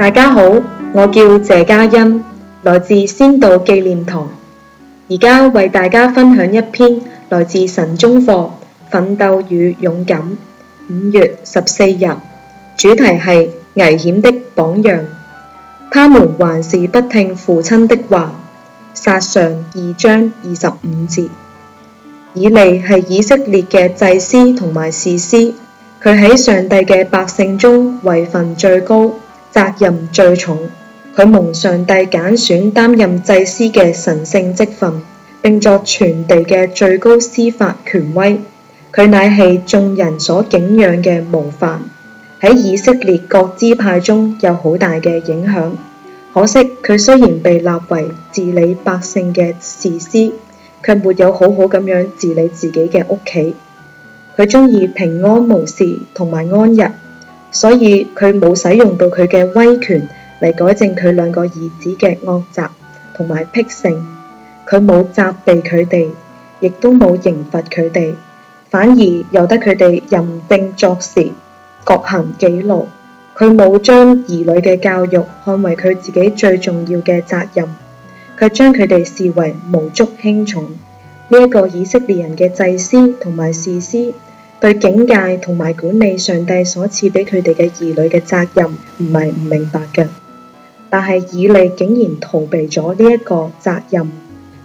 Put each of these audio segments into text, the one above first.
大家好，我叫謝嘉欣，來自仙道紀念堂。而家為大家分享一篇來自神中課《奮鬥與勇敢》，五月十四日，主題係危險的榜樣。他們還是不聽父親的話，撒上二章二十五節。以利係以色列嘅祭司同埋士師，佢喺上帝嘅百姓中位份最高，責任最重，佢蒙上帝揀選擔任祭司嘅神聖職份，並作全地嘅最高司法權威。佢乃係眾人所敬仰嘅模範，喺以色列各支派中有好大嘅影響。可惜佢雖然被立為治理百姓嘅士師，卻沒有好好咁樣治理自己嘅屋企。佢鍾意平安無事同埋安逸。所以佢冇使用到佢嘅威權嚟改正佢兩個兒子嘅惡習同埋癖性，佢冇責備佢哋，亦都冇刑罰佢哋，反而由得佢哋任定作事，各行己路。佢冇將兒女嘅教育看為佢自己最重要嘅責任，佢將佢哋視為無足輕重。呢一個以色列人嘅祭司同埋士師。對警戒同埋管理上帝所賜俾佢哋嘅兒女嘅責任，唔係唔明白嘅，但係以利竟然逃避咗呢一個責任，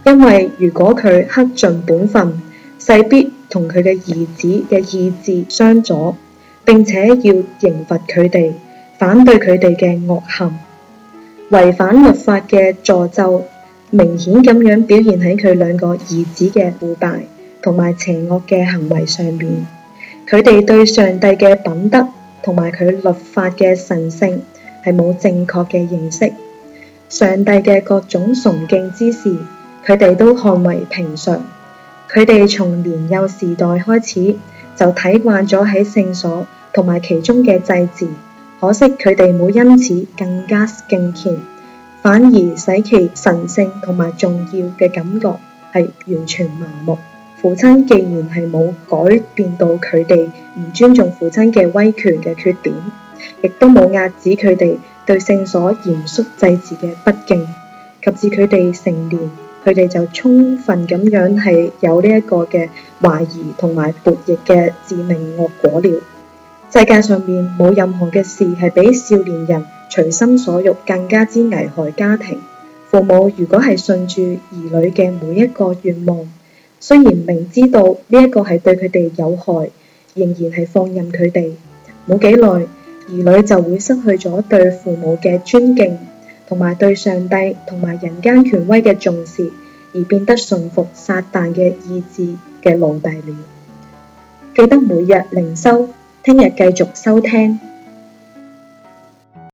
因為如果佢恪盡本分，勢必同佢嘅兒子嘅意志相左，並且要刑罰佢哋反對佢哋嘅惡行，違反律法嘅助咒，明顯咁樣表現喺佢兩個兒子嘅腐敗同埋邪惡嘅行為上面。佢哋對上帝嘅品德同埋佢律法嘅神聖係冇正確嘅認識，上帝嘅各種崇敬之事，佢哋都看為平常。佢哋從年幼時代開始就睇慣咗喺聖所同埋其中嘅祭祀。可惜佢哋冇因此更加敬虔，反而使其神聖同埋重要嘅感覺係完全麻木。父親既然係冇改變到佢哋唔尊重父親嘅威權嘅缺點，亦都冇壓止佢哋對聖所嚴肅祭祀嘅不敬，及至佢哋成年，佢哋就充分咁樣係有呢一個嘅懷疑同埋悖逆嘅致命惡果了。世界上面冇任何嘅事係比少年人隨心所欲更加之危害家庭。父母如果係順住兒女嘅每一個願望。雖然明知道呢一個係對佢哋有害，仍然係放任佢哋。冇幾耐，兒女就會失去咗對父母嘅尊敬，同埋對上帝同埋人間權威嘅重視，而變得順服撒旦嘅意志嘅奴隸了。記得每日靈修，聽日繼續收聽。